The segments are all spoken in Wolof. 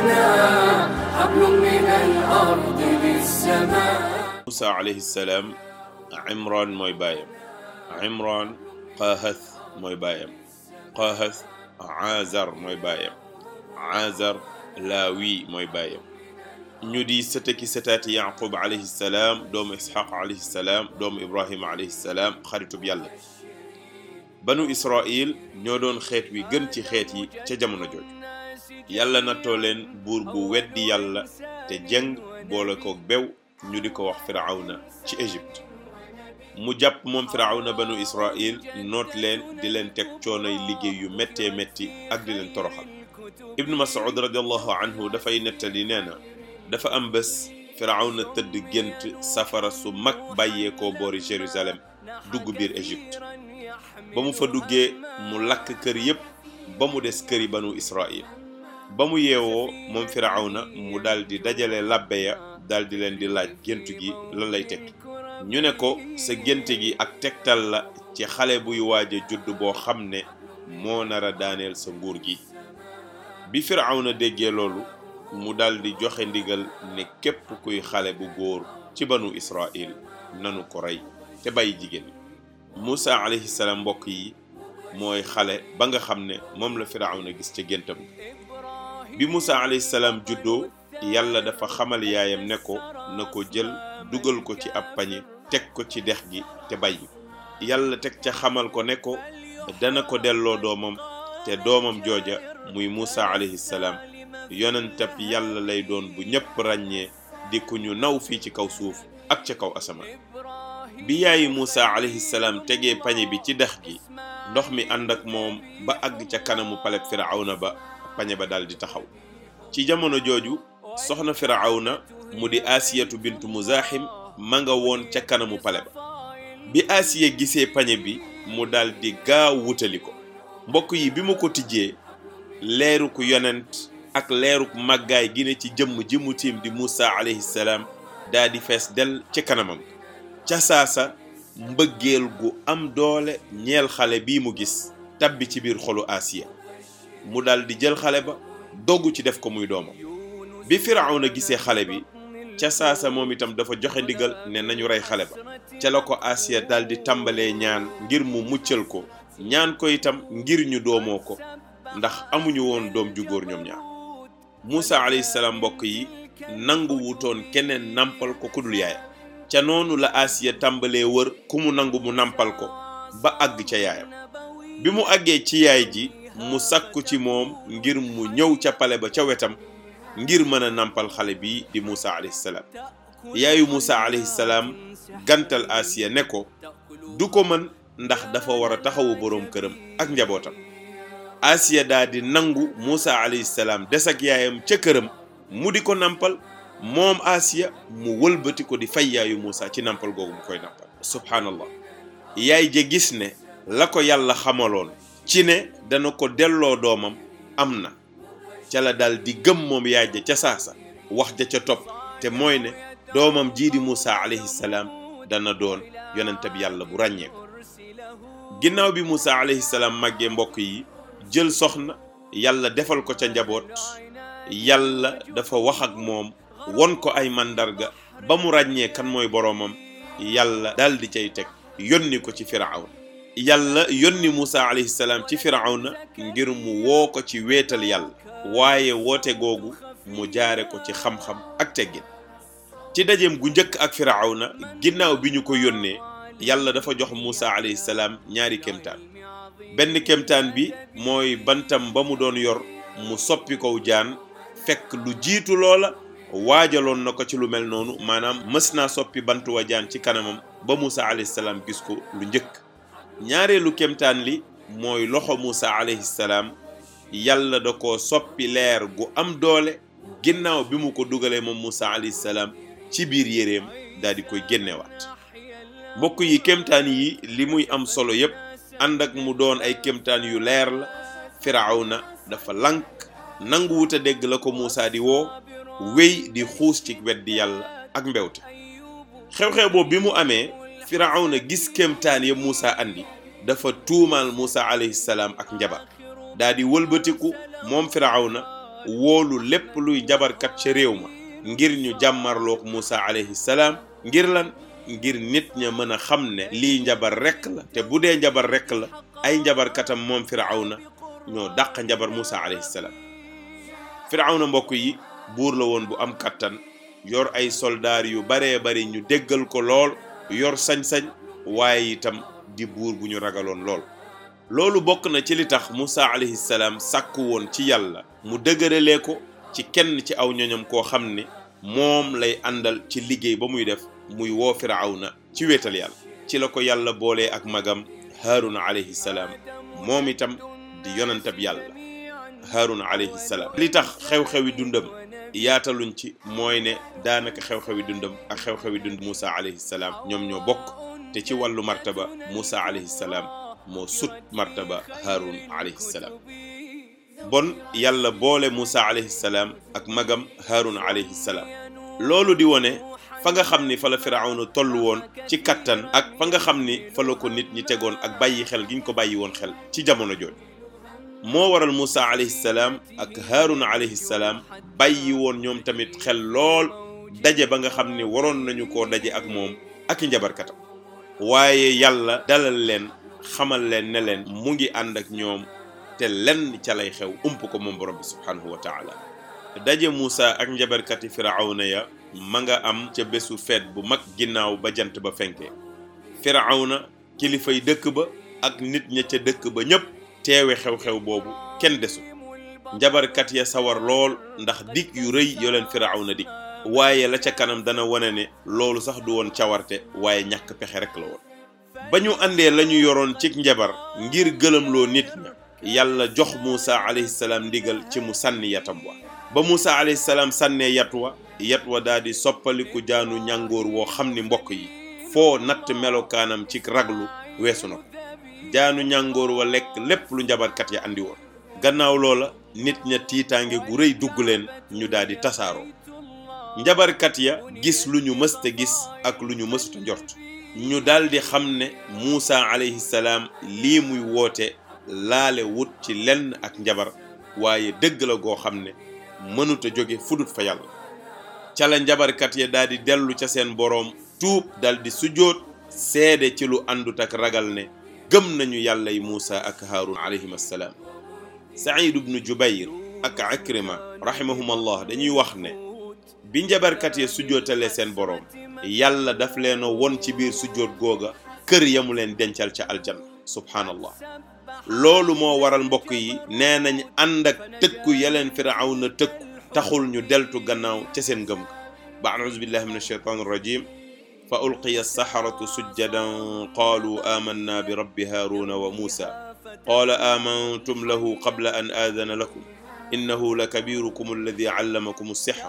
لنا حبل من mooy baayam عمران قاهث mooy baayam mooy baayam ñu di sëtëki sëtaati yaqub alayhi salaam doomu isxaq alayhi salaam doomu ibrahima banu israil ñoo doon xeet wi gën ci xeet yi ca jamono jooju yàlla nattoo leen buur bu weddi yàlla te jëng boole koog bew ñu di ko wax firawna ci Égypte mu jàpp moom firawna banu Israil noot leen di leen teg coonoy liggéey yu méttee métti ak di leen toroxal ibnu Mas'ud radiallahu anhu dafay nettali nee na dafa am bés firawna tëdd gént safara su mag bàyyeekoo boori Jérusalem dugg biir Égypte ba mu fa duggee mu lakk kër yépp ba mu des këri banu Israil ba mu yeewoo moom firawna mu daldi dajale labbe ya daal leen di laaj gént gi lan lay tekki ñu ne ko sa gént gi ak tegtal la ci xale buy waaj a judd boo xam ne moo nara daaneel sa nguur gi bi firawna dégge loolu mu daldi di joxe ndigal ne képp kuy xale bu góor ci banu israil nanu ko rey te bàyyi jigéen Musa alayhi mbokk yi mooy xale ba nga xam ne moom la firawna gis ca géntam bi Moussa alayhi salaam juddoo yàlla dafa xamal yaayam ne ko na ko jël dugal ko ci ab pañe teg ko ci dex gi te bàyyi yàlla teg ca xamal ko ne ko dana ko delloo doomam te doomam jooja muy Moussa alayhi salaam yonentab yàlla lay doon bu ñëpp ràññee di ku ñu naw fii ci kaw suuf ak ca kaw asamaan bi yaay Moussa alayhi salaam tegee pañe bi ci dex gi ndox mi ànd ak moom ba àgg ca kanamu paleb firawna ba pañe ba daldi taxaw ci jamono jooju soxna firawna mu di asiyatu bintu muzaxim ma nga woon ca kanamu pale ba bi asiya gise pañe bi mu daldi gaaw wutali ko mbokk yi bi mu ko tijjee leeruk yonent ak leeruk màggaay gi ne ci jëmm ji mu tiim di Moussa alayhi salaam daa fees del ca kanamam ca saasa mbëggeel gu am doole ñeel xale bi mu gis tabbi ci biir xolu Asiya mu daal di jël xale ba dogg ci def ko muy doomam bi Firawna gisee xale bi ca saasa moom itam dafa joxe ndigal ne nañu rey xale ba ca la ko Asiya daal di tàmbalee ñaan ngir mu muccal ko ñaan ko itam ngir ñu doomoo ko ndax amuñu woon doom ju góor ñoom ñaar Muusa alayhi salaam mbokk yi nangu wutoon keneen nampal ko ku dul yaayam ca noonu la Asiya tàmbalee wër ku mu nangu mu nampal ko ba àgg ca yaayam bi mu àggee ci yaay ji mu sakku ci moom ngir mu ñëw ca pale ba ca wetam ngir mën a nampal xale bi di Moussa alayhi salaam yaayu Moussa alayhi gantal Asiya ne ko du ko mën ndax dafa war a taxawu boroom këram ak njabootam Asiya daa di nangu Moussa alayhi salaam des ak yaayam ca këram mu di ko nampal moom Asiya mu wëlbati ko di fay yaayu Moussa ci nampal googu mu koy nampal subhaanallah yaay ja gis ne la ko yàlla xamaloon ci ne dana ko delloo doomam am na ca la daldi gëm moom yaay ja ca saasa wax ja ca topp te mooy ne doomam jii di Moussa alayhi salaam dana doon yonente yàlla bu ràññeeku ginnaaw bi Moussa alayhi salaam màggee mbokk yi jël soxna yàlla defal ko ca njaboot yàlla dafa wax ak moom won ko ay màndarga ba mu ràññee kan mooy boroomam yàlla daldi cay teg yónni ko ci Firawna yàlla yónni Moussa alayhi salaam ci firawna ngir mu woo ko ci weetal yàlla waaye woote googu mu jaare ko ci xam-xam ak teggin ci dajeem gu njëkk ak firawna ginnaaw bi ñu ko yónnee yàlla dafa jox Moussa alayhi ñaari kemtaan benn kemtaan bi mooy bantam ba mu doon yor mu soppi kow jaan fekk lu jiitu loola waajaloon na ko ci lu mel noonu maanaam mës naa soppi bantu wa jaan ci kanamam ba Moussa alayhi salaam gis ko lu njëkk ñaareelu kemtaan li mooy loxo Moussa alayhi salaam yàlla da ko soppi leer gu am doole ginnaaw bi mu ko dugalee moom Moussa alayhi salaam ci biir yéreem daal di koy génnewaat mbokk yi kemtaan yi li muy am solo yépp ànd ak mu doon ay kemtaan yu leer la Firawna dafa lank nanguwut a dégg la ko Moussa di woo wéy di xuus ci weddi yàlla ak mbewte xew-xew boobu bi mu amee firawna gis kéemtaan ya Moussa andi dafa tuumaal Moussa alayhi salaam ak njabar daa di wëlbatiku moom firawna woolu lépp luy jabarkat ca réew ma ngir ñu jàmmarloog Moussa alayhi salaam ngir lan ngir nit ña mën a xam ne lii njabar rekk la te bu dee njabar rekk la ay njabarkatam moom firawna ñoo dàq njabar Moussa alayhi salaam firawna mbokk yi buur la woon bu am kàttan yor ay soldaar yu baree bari ñu déggal ko lool yor sañ-sañ waaye itam di buur bu ñu ragaloon lool loolu bokk na ci li tax Musaa alayhi salaam sàkku woon ci yàlla mu dëgëralee ko ci kenn ci aw ñoñam koo xam ne moom lay àndal ci liggéey ba muy def muy woo na ci wetal yàlla ci la ko yàlla boolee ak magam Haaruna alayhi salaam moom itam di yonantab yàlla Haaruna alayhi salaam li tax xew-xewi dundam yaataluñ ci mooy ne daanaka xew-xewi dundam ak xew-xewi dund Moussa alayhi salaam ñoom ñoo bokk te ci wàllu martaba Moussa alayhi salaam moo sut martaba Haarun alayhi salaam bon yàlla boole Moussa alayhi salaam ak magam Haarun alayhi salaam loolu di wone fa nga xam ni fala la firawna toll woon ci kattan ak fa nga xam ni fala ko nit ñi tegoon ak bàyyi xel giñ ko bàyyi woon xel ci jamono jooju moo waral Moussa alayhi salaam ak Haaruna alayhi salaam bàyyi woon ñoom tamit xel lool daje ba nga xam ne waroon nañu ko daje ak moom ak i njabarkatam waaye yàlla dalal leen xamal leen ne leen mu ngi ànd ak ñoom te lenn ca lay xew ump ko moom borom bi subhaanahu wa taala daje Moussa ak njabarkati firawna ya ma nga am ca bésu feet bu mag ginnaaw ba jant ba fenkee firawna kilifay dëkk ba ak nit ña ca dëkk ba ñëpp teewe xew-xew boobu kenn desu njabarkat ya sawar lool ndax digg yu rëy yoo leen firawna dig waaye la ca kanam dana wane ne loolu sax du woon cawarte waaye ñàkk pexe rek la woon ba ñu àndee la ñu yoroon cig njabar ngir gëlëmloo nit ña yàlla jox Muusa alayhi salaam ndigal ci mu sànni yatam wa ba Muusa alayhi salaam sànnee yat wa yat wa daal di soppaliku jaanu ñàngoor woo xam ni mbokk yi foo natt melokaanam ci raglu weesu na jaanu ñàngoor wa lekk lépp lu njabarkat ya andi woon gannaaw loola nit ña tiitaange gu rëy dugg leen ñu daldi tasaaroo njabarkat ya gis lu ñu mësta gis ak lu ñu mësuta njort ñu daal xam ne Muusa alayhi salaam lii muy woote laale wut ci lenn ak njabar waaye dëgg la goo xam ne mënuta jóge fudut fa yàlla ca la njabarkat ya daal di dellu ca seen boroom tuub daldi di sujjóot seede ci lu àndut ak ragal ne gëm nañu yàlla yi Muusa ak Haarun alayhim assalaam Saïd ibnu Jubayr ak Akrima rahimahum allah dañuy wax ne bi njabarkat ya sujjootalee seen boroom yàlla daf leen won ci biir sujjoot googa kër ya leen dencal ca aljanna subhaanallah loolu moo waral mbokk yi nee nañ ànd ak tëkku yaleen firawna tëkku taxul ñu deltu gannaaw ca seen ngëm ga ba auzu billahi min ashaytan rajim fa ulqiya alsaxaratu sujjadan qaalu aamanna bi rabbi haaruuna wa muusa qaala aamantum lahu qabla an aadana lakum innahu lakabirukum alladi allamakum alsixr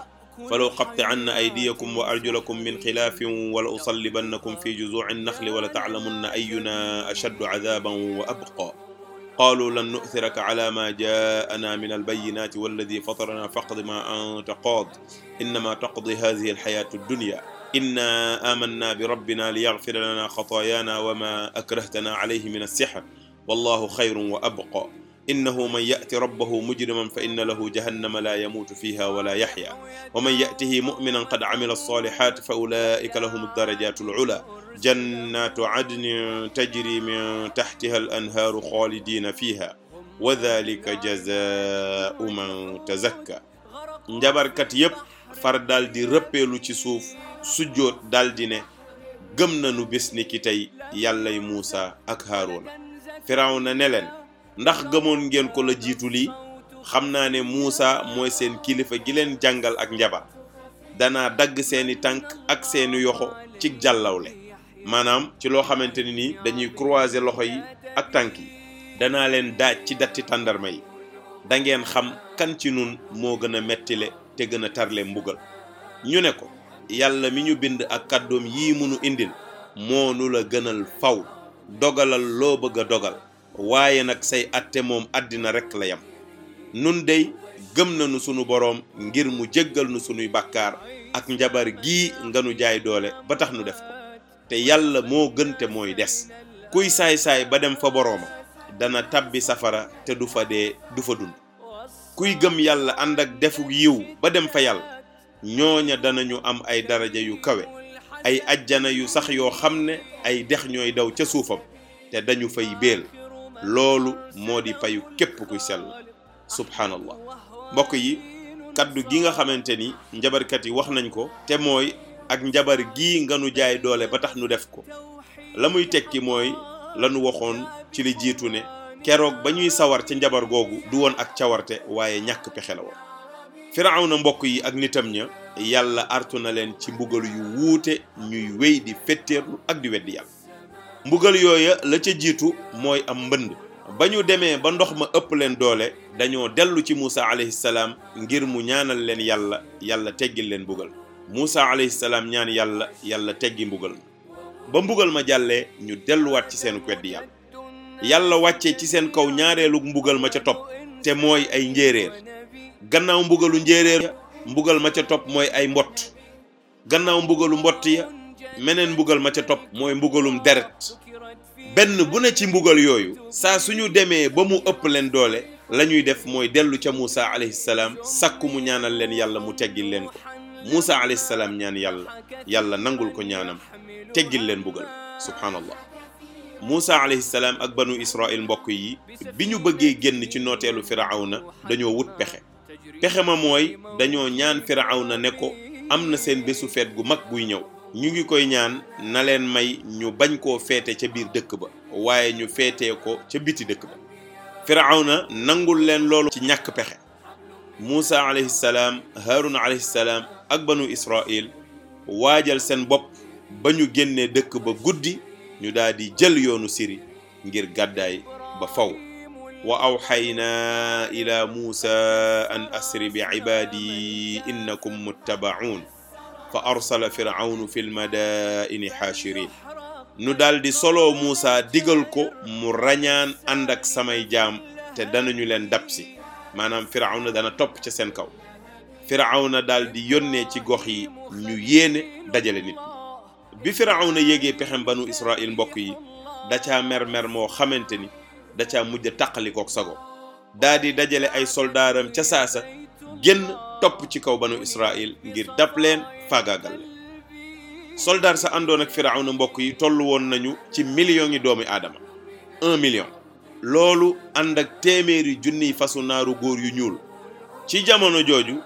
falaw qatti'anna aydiyakum wa arjulakum min xilaafin wala usallibannakum fi juzuuci annaxli wala taclamunna ayuna ashaddu cadaaban wa abqaa qaalu lan nu'thiraka calaa maa jaa'anaa min albayyinaati walladi fataranaa faqdi maa anta qaad innamaa taqdi haadihi alxayaatu addunya inna amanna bi rabbina li yaxfira lana xataayaana wa ma akrahtana alayhi min alsixr wallahu xayrun wa abqa innahu man yati rabbahu mujriman fa inna lahu jahannama la yamuutu fiha wala yaxya wa man yatihi muminan qad camila alsalixat fa ulaika lahum aldarajatu alcula jannatu cadnin tajri min taxtiha alanhaaru xaalidina fiha wa dalika jazaau man tazakka njabarkat yépp far daal di rëppeelu ci suuf sujjóot daldi ne gëm nañu bés ni ki tey yàllay Muusa ak Haaruna Firawna ne leen ndax gëmoon ngeen ko la jiitu lii xam naa ne Muusa mooy seen kilifa gi leen jàngal ak njabar danaa dagg seeni tànk ak seeni yoxo ci jàllawle maanaam ci loo xamante ni nii dañuy croiser loxo yi ak tànk yi danaa leen daaj ci datti tàndarma yi dangeen xam kan ci nun moo gën a mettile te gën a tarle mbugal ñu ne ko yàlla mi ñu bind ak kàddoom yii munu indil moo nu la gënal faw dogalal loo bëgg a dogal waaye nag say atte moom àddina rekk la yam nun dey gëm nañu sunu boroom ngir mu jéggal nu sunuy bàkkaar ak njabar gii nga nu jaay doole ba tax nu def ko te yàlla moo gën te mooy des kuy saay-saay ba dem fa borooma dana tàbbi safara te du fa dee du fa dund kuy gëm yàlla ànd ak defu yiw ba dem fa yàlla ñooña danañu am ay daraja yu kawe ay ajjana yu sax yoo xam ne ay dex ñooy daw ca suufam te dañu fay béel loolu moo di payu képp kuy sell subhaanallah mbokk yi kàddu gi nga xamante ni njabarkat yi wax nañ ko te mooy ak njabar gi nga nu jaay doole ba tax nu def ko la muy tekki mooy lanu waxoon ci li jiitu ne keroog ba ñuy sawar ca njabar googu du woon ak cawarte waaye ñàkk pexe na mbokk yi ak nitam ña yàlla artu na leen ci mbugal yu wuute ñuy wéy di fetteerlu ak di weddi yàlla mbugal yooya la ca jiitu mooy am mbënd ba ñu demee ba ndox ma ëpp leen doole dañoo dellu ci Muusa alayhi salaam ngir mu ñaanal leen yàlla yàlla teggil leen mbugal Muusa alayhi salaam ñaan yàlla yàlla teggi mbugal ba mbugal ma jàllee ñu delluwaat ci seen weddi yàlla yàlla wàccee ci seen kaw ñaareelu mbugal ma ca topp te mooy ay njéeréer gannaaw mbugalu njéeréer ya mbugal ma ca topp mooy ay mbott gannaaw mbugalu mbott ya meneen mbugal ma ca topp mooy mbugalum deret benn bu ne ci mbugal yooyu saa su ñu demee ba mu ëpp leen doole lañuy def mooy dellu ca Moussa alayhi salaam sakku mu ñaanal leen yàlla mu teggil leen ko Moussa alayhi salaam ñaan yàlla yàlla nangul ko ñaanam teggil leen mbugal subhanallah muusa alayhi salaam ak banu Israël mbokk yi bi ñu bëggee génn ci nooteelu firawna dañoo wut pexe pexe ma mooy dañoo ñaan Firawna ne ko am na seen bésu feet gu mag guy ñëw ñu ngi koy ñaan na leen may ñu bañ koo feete ca biir dëkk ba waaye ñu feetee ko ca biti dëkk ba Firawna nangul leen loolu ci ñàkk pexe Muusa alayhi salaam Haaruna alayhi salaam ak banu Israil waajal seen bopp ba ñu génnee dëkk ba guddi ñu daldi jël yoonu siri ngir gàddaay ba faw wa awxaynaa ila muusa an asri bi cibaadi innakum muttabacuun fa arsala firawnu fi lmadaini xaashirin nu daldi solo muusa digal ko mu rañaan ànd ak samay jaam te danañu leen dab si maanaam firawna dana topp ca seen kaw firawna daldi yónnee ci gox yi ñu yéene dajale nit bi firawna yégee pexem banu israil mbokk yi da ca moo xamante ni da caa mujj tàqalikook sago daa di dajale ay soldaaram ca saasa génn topp ci kaw banu Israil ngir dab leen faagaagal leen soldaar sa àndoon ak firawna mbokk yi toll woon nañu ci millions yi doomi aadama un million loolu ànd ak téeméeri junniy fasu naaru góor yu ñuul ci jamono jooju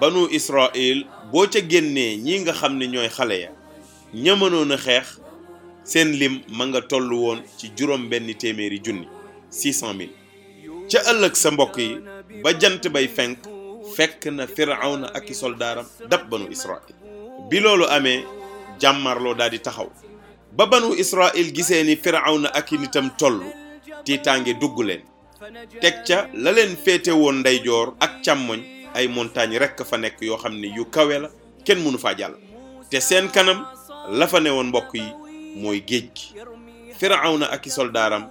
banu Israil boo ca génnee ñi nga xam ni ñooy xale ya ñamanoon a xeex seen lim ma nga tollu woon ci juróom benn téeméeri junni 600000 ca ëllëg sa mbokk yi ba jant bay fenk fekk na firawna ak i soldaaram dab banu israil bi loolu amee jàmmarloo daal di taxaw ba banu israil gisee ni firawna ak i nitam toll tiitaange dugg leen teg ca la leen féete woon ndeyjoor ak càmmoñ ay montagne rekk fa nekk yoo xam ne yu kawe la kenn mënu fa jàll te seen kanam lafa fa ne woon mbokk yi mooy géej gi firawna ak i soldaaram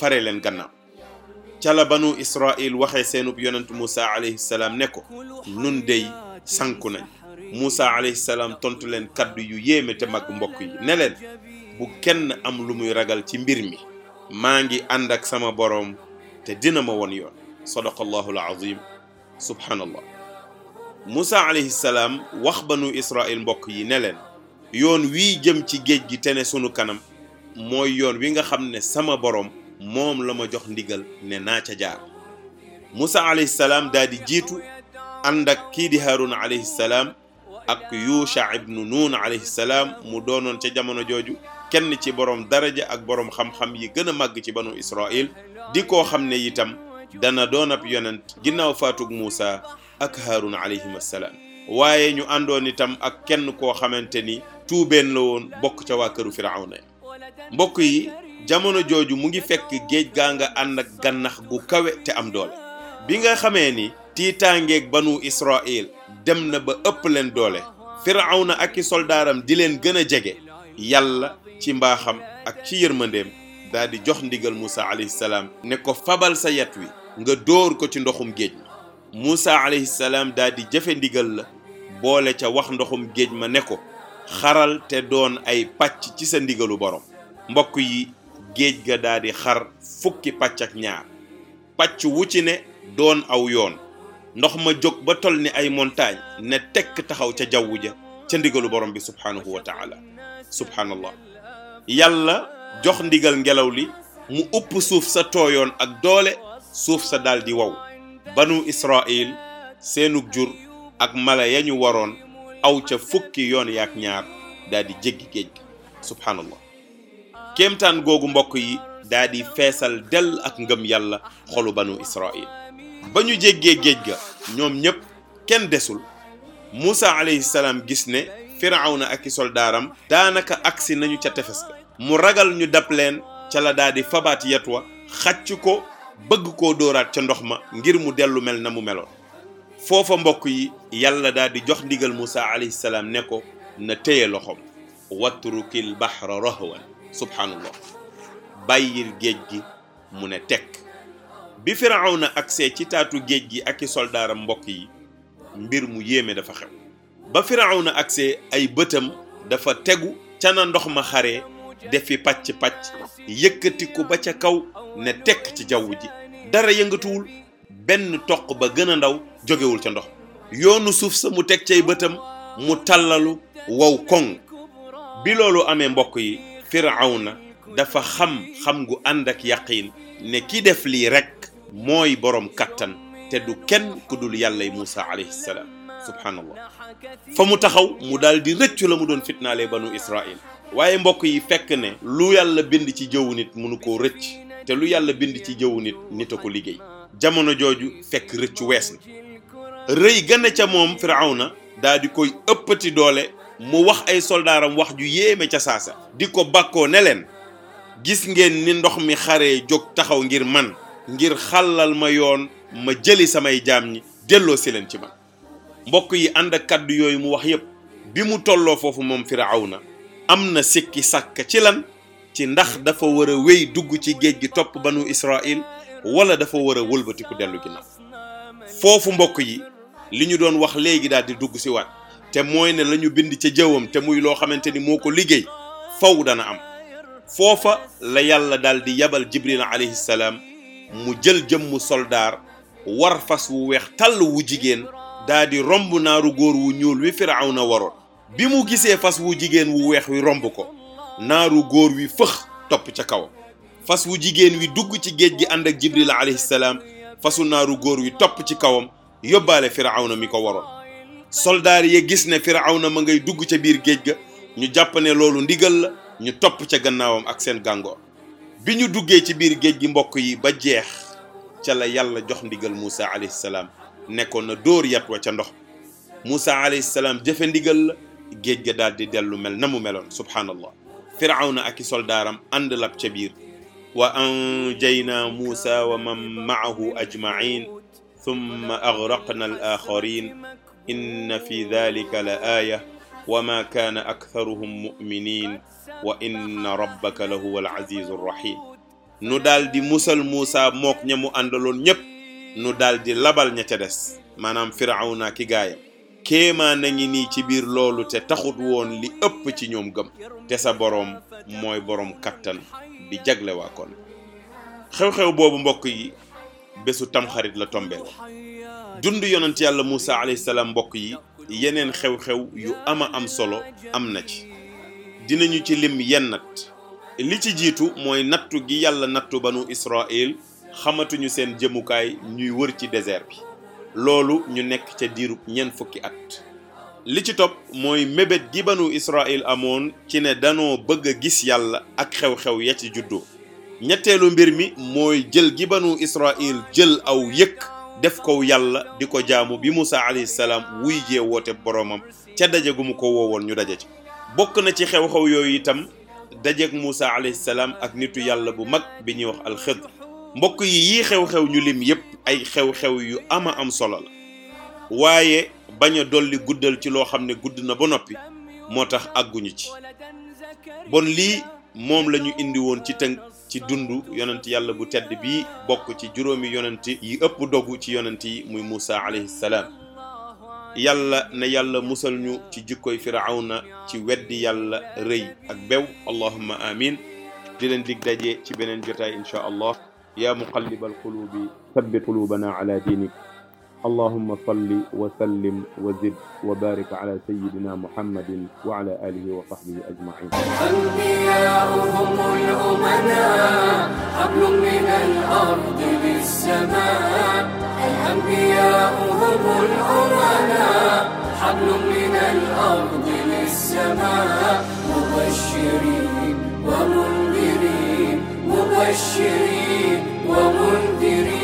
fare leen gannaaw ca la banu israil waxee seenub yonent Moussa alayhi salaam ne ko nun dey sanku nañ Moussa alayhi salaam tontu leen kaddu yu yéeme te mag mbokk yi ne bu kenn am lu muy ragal ci mbir mi maa ngi ànd ak sama boroom te dina ma won yoon sadaqallahu alazim subhanallah Moussa alayhi salaam wax banu israil mbokk yi ne leen yoon wii jëm ci géej gi te ne sunu kanam mooy yoon wi nga xam ne sama boroom moom la ma jox ndigal ne naa ca jaar Musa alayhi salaam daal jiitu ànd ak kii di Harun alayhi salaam ak Yusha ibnu Nun alayhi salaam mu doonoon ca jamono jooju kenn ci borom daraja ak boroom xam-xam yi gën a màgg ci banu Israil di koo xam ne itam dana doon ab yonent ginnaaw faatug muusa ak Harun alayhim assalaam waaye ñu àndoon itam ak kenn koo xamante ni tuubeen la woon bokk ca waa këru Firawna mbokk yi. jamono jooju mu ngi fekk géej gaa nga ànd ak gannax gu kawe te am doole bi nga xamee ni tiitaangeeg banu Israil dem na ba ëpp leen doole firawna ak i soldaaram di leen gën a jege yàlla ci mbaaxam ak ci yërmandeem daal di jox ndigal Moussa alayhi salaam ne ko fabal sa yat wi nga dóor ko ci ndoxum géej ma Moussa alayhi salaam daal di jëfe ndigal la boole ca wax ndoxum géej ma ne ko xaral te doon ay pàcc ci sa ndigalu borom mbokk yi géej ga daa xar fukki pacc ak ñaar pàcc wu ci ne doon aw yoon ndox ma jóg ba toll ni ay montagne ne tekk taxaw ca jaww ja ca ndigalu borom bi subhaanahu wa taala subhaanallah yàlla jox ndigal ngelaw li mu upp suuf sa tooyoon ak doole suuf sa daldi wow banu israil seenug jur ak mala ya ñu waroon aw ca fukki yoon yaak ñaar daldi di jéggi géej gi subhaanallah kéemtaan googu mbokk yi daldi feesal dell ak ngëm yàlla xolu banu israil ba ñu jéggee géej ga ñoom ñépp kenn desul musa alayhi salaam gis ne firawna ak i soldaaram daanaka agsi nañu ca tefes ga mu ragal ñu dab leen ca la daa di fabaat yatwa xàcc ko bëgg ko dóoraat ca ndox ma ngir mu dellu mel na mu meloon foofa mbokk yi yàlla daa di jox ndigal Muusa alayhi salaam ne ko na téye loxoom watrukil bahra rahwan subhaanallah bàyyil géej gi mu ne tekk bi firaaw na agsee ci taatu géej gi ak i soldaaram mbokk yi mbir mu yéeme dafa xew ba firaaw na agse ay bëtam dafa tegu ca na ndox ma xaree defi pacc pàcc yëkkati ko ba ca kaw ne tekk ci jawwu ji dara yëngatuwul benn toq ba gën a ndaw jógewul ca ndox yoonu suuf sa mu teg cay bëtam mu tàllalu wow koŋ bi loolu amee mbokk yi firawna dafa xam xam gu ànd ak yaqiin ne ki def lii rekk mooy boroom kàttan te du kenn ku dul yàllay Muusa alayhi salaam subhaanallah fa mu taxaw mu daal di rëccu la mu doon fitnaalee banu Israil waaye mbokk yi fekk ne lu yàlla bind ci jëwu nit mënu koo rëcc te lu yàlla bind ci jëwu nit nit a ko liggéey jamono jooju fekk rëccu wees na rëy gën a ca moom firawna daa di koy ëppati doole mu wax ay soldaaram wax ju yéeme ca saasa di ko bàkkoo ne leen gis ngeen ni ndox mi xaree jóg taxaw ngir man ngir xàllal ma yoon ma jëli samay jaam ñi delloo si leen ci man mbokk yi ànd ak kàddu yooyu mu wax yépp bi mu tolloo foofu moom Firawna am na sikki sàkk ci lan ci ndax dafa war a wéy dugg ci géej gi topp banu Israil wala dafa war a wëlbatiku dellu ginnaaw foofu mbokk yi li ñu doon wax léegi daal di dugg si waat te mooy ne la ñu bind ca jëwam te muy loo xamante ni moo ko liggéey faw dana am foofa la yàlla daal di yabal jibril alayhi salaam mu jël jëmmu soldaar war fas wu weex tàll wu jigéen daa romb naaru góor wu ñuul wi firawna waroon bi mu gisee fas wu jigéen wu weex wi romb ko naaru góor wi fëx topp ca kaw fas wu jigéen wi dugg ci géej gi ànd ak jibril alayhi salaam fasu naaru góor wi topp ci kawam yóbbaale firawna mi ko waroon soldaar ya gis ne Firawna ma ngay dugg ca biir géej ga ñu jàpp loolu ndigal la ñu topp ca gannaawam ak seen gàngoor bi ñu duggee ci biir géej gi mbokk yi ba jeex ca la yàlla jox ndigal Moussa alayhi salaam nekkoon na dóor yat wa ca ndox Moussa alayhi salaam jëfe ndigal la géej ga daal di dellu mel na mu meloon subhaanallah Firawna ak i soldaaram ànd lab ca biir wa anjaynaa Moussa wa man maahu ajmain thumma agraqna al axarin inna fi dhalika la aaya wa ma kaana aktharuhum muminin wa inna rabbaka la huwa al azizu rahim nu daldi musal Muusa mook ña mu àndaloon ñépp nu daldi labal ña ca des maanaam firawna ki gaayam kéemaa na nii ci biir loolu te taxut woon li ëpp ci ñoom gëm te sa boroom mooy boroom kattan di jagle waa kon xew-xew boobu mbokk yi bésu tamxarit la tombeel dund yonent yàlla Moussa alayhi mbokk yi yeneen xew-xew yu am a am solo am na ci dinañu ci lim yenn nat li ci jiitu mooy nattu gi yàlla nattu banu Israël xamatuñu seen jëmukaay ñuy wër ci désert bi loolu ñu nekk ca diirub ñeent fukki at li ci topp mooy mébét gi banu Israël amoon ci ne danoo bëgg a gis yàlla ak xew-xew ya ci juddoo ñetteelu mbir mi mooy jël gi banu Israël jël aw yëkk def kow yàlla di ko jaamu bi Moussa alayhi salaam wuy jee woote boromam ca daje gu ko woowoon ñu daje ci bokk na ci xew-xew yooyu itam dajeeg Moussa alayhi salaam ak nitu yàlla bu mag bi ñuy wax alxet mbokk yi yii xew-xew ñu lim yépp ay xew-xew yu ama am solo la waaye bañ a dolli guddal ci loo xam ne gudd na ba noppi moo tax àgguñu ci bon lii moom la ñu indi woon ci tënk ci dundu yonent yàlla bu tedd bi bokk ci juróomi yonent yi ëpp dogu ci yonent yi muy Muusa alayhi yalla na yàlla musal ñu ci jikkoy firawna ci weddi yàlla rëy ak bew allahumma amin di leen ci beneen jotaay insha allah yaa muqallibal qulubi sabbit qulubana ala diinik allahuma salli wa sallim wa zid wa barik ala sayidina muhammadin wa ala alihi wa sahbihi ajmain anbiyauhum lumana hablum min alardi lissama anbiyauhum lumana hablum min alardi lissama mubashirin wa mundirin mubashirin wa mundirin